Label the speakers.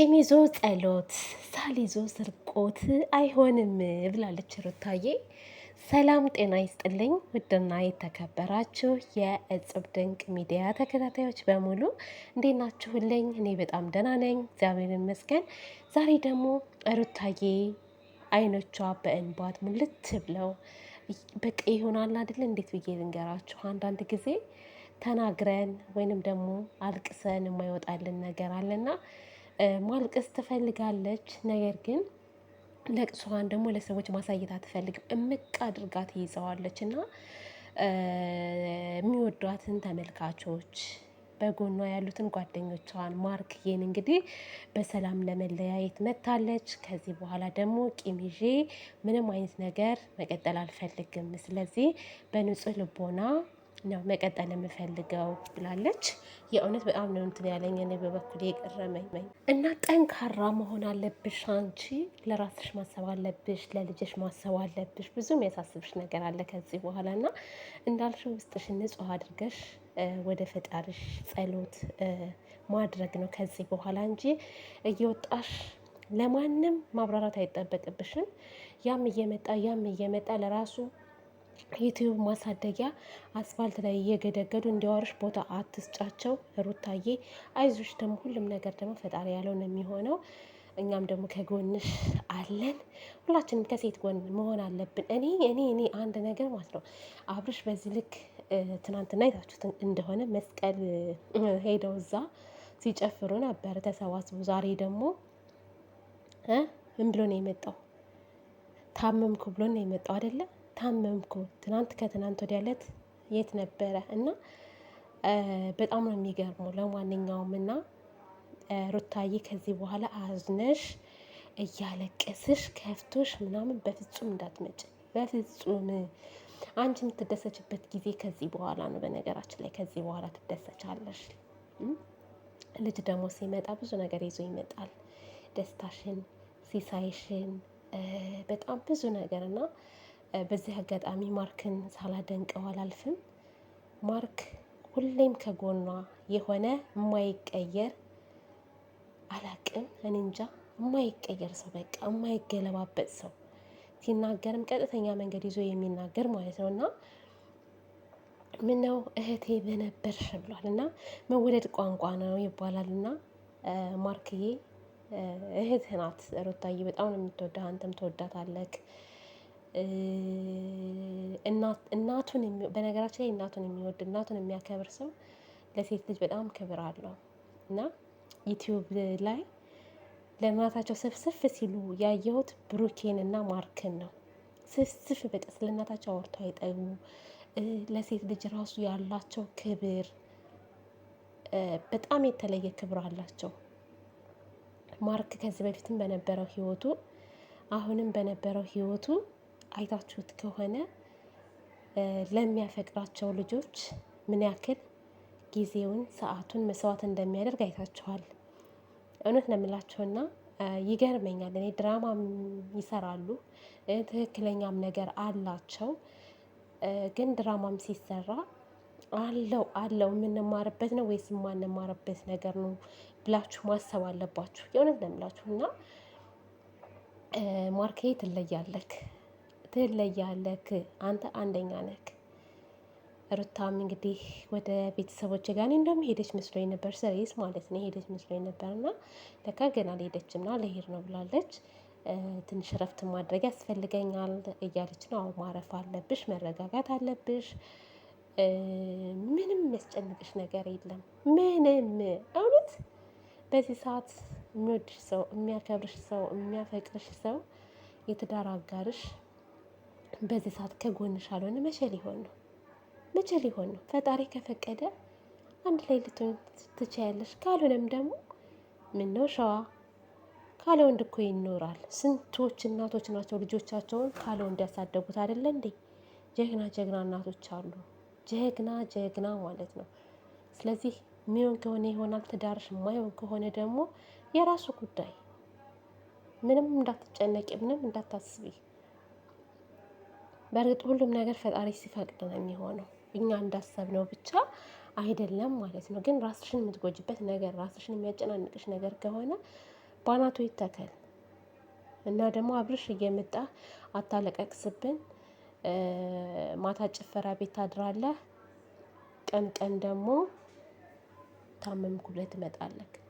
Speaker 1: ቂም ይዞ ጸሎት፣ ሳል ይዞ ስርቆት አይሆንም ብላለች ሩታዬ። ሰላም ጤና ይስጥልኝ ውድና የተከበራችሁ የእጽብ ድንቅ ሚዲያ ተከታታዮች በሙሉ እንዴት ናችሁልኝ? እኔ በጣም ደህና ነኝ፣ እግዚአብሔር ይመስገን። ዛሬ ደግሞ ሩታዬ አይኖቿ በእንቧት ሙልት ብለው በቃ ይሆናል አይደል? እንዴት ብዬ ልንገራችሁ? አንዳንድ ጊዜ ተናግረን ወይንም ደግሞ አልቅሰን የማይወጣልን ነገር አለና ማልቀስ ትፈልጋለች። ነገር ግን ለቅሷን ደግሞ ለሰዎች ማሳየት አትፈልግም። እምቅ አድርጋ ትይዘዋለች እና የሚወዷትን ተመልካቾች በጎኗ ያሉትን ጓደኞቿን ይህን እንግዲህ በሰላም ለመለያየት መታለች። ከዚህ በኋላ ደግሞ ቂም ይዤ ምንም አይነት ነገር መቀጠል አልፈልግም። ስለዚህ በንጹህ ልቦና ነው መቀጠል የምፈልገው ብላለች። የእውነት በጣም ነው እንትን ያለኝ እኔ በበኩል የቀረመኝ እና ጠንካራ መሆን አለብሽ አንቺ፣ ለራስሽ ማሰብ አለብሽ፣ ለልጅሽ ማሰብ አለብሽ። ብዙም የሳስብሽ ነገር አለ ከዚህ በኋላ እና እንዳልሽ ውስጥሽ ንጹህ አድርገሽ ወደ ፈጣሪሽ ጸሎት ማድረግ ነው ከዚህ በኋላ እንጂ እየወጣሽ ለማንም ማብራራት አይጠበቅብሽም። ያም እየመጣ ያም እየመጣ ለራሱ ዩቲዩብ ማሳደጊያ አስፋልት ላይ እየገደገዱ እንዲያወርሽ ቦታ አትስጫቸው። ሩታዬ አይዞሽ፣ ደግሞ ሁሉም ነገር ደግሞ ፈጣሪ ያለው ነው የሚሆነው። እኛም ደግሞ ከጎንሽ አለን። ሁላችንም ከሴት ጎን መሆን አለብን። እኔ እኔ እኔ አንድ ነገር ማለት ነው አብርሽ በዚህ ልክ ትናንትና አይታችሁት እንደሆነ መስቀል ሄደው እዛ ሲጨፍሩ ነበር ተሰባስቡ። ዛሬ ደግሞ ምን ብሎ ነው የመጣው? ታመምኩ ብሎ ነው የመጣው አይደለም ታመምኩ ትናንት ከትናንት ወዲያ ለት የት ነበረ እና በጣም ነው የሚገርመው። ለማንኛውም እና ሩታዬ ከዚህ በኋላ አዝነሽ እያለቀስሽ ከፍቶሽ ምናምን በፍጹም እንዳትመጭ በፍጹም አንቺ የምትደሰችበት ጊዜ ከዚህ በኋላ ነው። በነገራችን ላይ ከዚህ በኋላ ትደሰቻለሽ። ልጅ ደግሞ ሲመጣ ብዙ ነገር ይዞ ይመጣል። ደስታሽን፣ ሲሳይሽን በጣም ብዙ ነገር እና በዚህ አጋጣሚ ማርክን ሳላደንቀው አላልፍም። ማርክ ሁሌም ከጎኗ የሆነ የማይቀየር አላቅም እኔ እንጃ የማይቀየር ሰው በቃ የማይገለባበት ሰው ሲናገርም ቀጥተኛ መንገድ ይዞ የሚናገር ማለት ነው እና ምነው እህቴ በነበርሽ ብሏል እና መወደድ ቋንቋ ነው ይባላል እና ማርክዬ እህትህ ናት ሩታዬ በጣም ነው የምትወዳህ አንተም ትወዳታለህ እናቱን በነገራችን ላይ እናቱን የሚወድ እናቱን የሚያከብር ሰው ለሴት ልጅ በጣም ክብር አለው። እና ዩቲዩብ ላይ ለእናታቸው ስፍስፍ ሲሉ ያየሁት ብሩኬንና ማርክን ነው። ስፍስፍ በቃ ስለ እናታቸው አውርተው ለሴት ልጅ ራሱ ያላቸው ክብር በጣም የተለየ ክብር አላቸው። ማርክ ከዚህ በፊትም በነበረው ህይወቱ አሁንም በነበረው ህይወቱ አይታችሁት ከሆነ ለሚያፈቅራቸው ልጆች ምን ያክል ጊዜውን ሰዓቱን መስዋዕት እንደሚያደርግ አይታችኋል። እውነት ነው የምላችሁና ይገርመኛል። እኔ ድራማም ይሰራሉ ትክክለኛም ነገር አላቸው። ግን ድራማም ሲሰራ አለው አለው የምንማርበት ነው ወይስ የማንማርበት ነገር ነው ብላችሁ ማሰብ አለባችሁ። የእውነት ነው የምላችሁ እና ማርኬ ትለያለክ ትለያለክ፣ አንተ አንደኛ ነክ። ሩታም እንግዲህ ወደ ቤተሰቦች ጋር እኔ እንደውም ሄደች መስሎኝ ነበር፣ ሰሬስ ማለት ነው ሄደች መስሎኝ ነበር። እና ለካ ገና አልሄደችም ና ለሄድ ነው ብላለች። ትንሽ እረፍት ማድረግ ያስፈልገኛል እያለች ነው። አዎ ማረፍ አለብሽ፣ መረጋጋት አለብሽ። ምንም የሚያስጨንቅሽ ነገር የለም። ምንም እውነት በዚህ ሰዓት የሚወድሽ ሰው፣ የሚያከብርሽ ሰው፣ የሚያፈቅርሽ ሰው የትዳር አጋርሽ በዚህ ሰዓት ከጎንሽ አልሆነ መቼ ሊሆን ነው? መቼ ሊሆን ነው? ፈጣሪ ከፈቀደ አንድ ላይ ልትሆን ትችያለሽ። ካልሆነም ደግሞ ምን ነው ሸዋ ካለ ወንድ እኮ ይኖራል። ስንቶች እናቶች ናቸው ልጆቻቸውን ካለ ወንድ ያሳደጉት አይደለ እንዴ? ጀግና ጀግና እናቶች አሉ። ጀግና ጀግና ማለት ነው። ስለዚህ ሚሆን ከሆነ ይሆናል። ትዳርሽ የማይሆን ከሆነ ደግሞ የራሱ ጉዳይ። ምንም እንዳትጨነቂ፣ ምንም እንዳታስቢ። በእርግጥ ሁሉም ነገር ፈጣሪ ሲፈቅድ ነው የሚሆነው። እኛ እንዳሰብነው ብቻ አይደለም ማለት ነው። ግን ራስሽን የምትጎጅበት ነገር ራስሽን የሚያጨናንቅሽ ነገር ከሆነ ባናቱ ይተከል እና ደግሞ አብርሽ እየመጣ አታለቀቅስብን። ማታ ጭፈራ ቤት ታድራለህ፣ ቀን ቀን ደግሞ ታመምኩ ብለህ ትመጣለህ።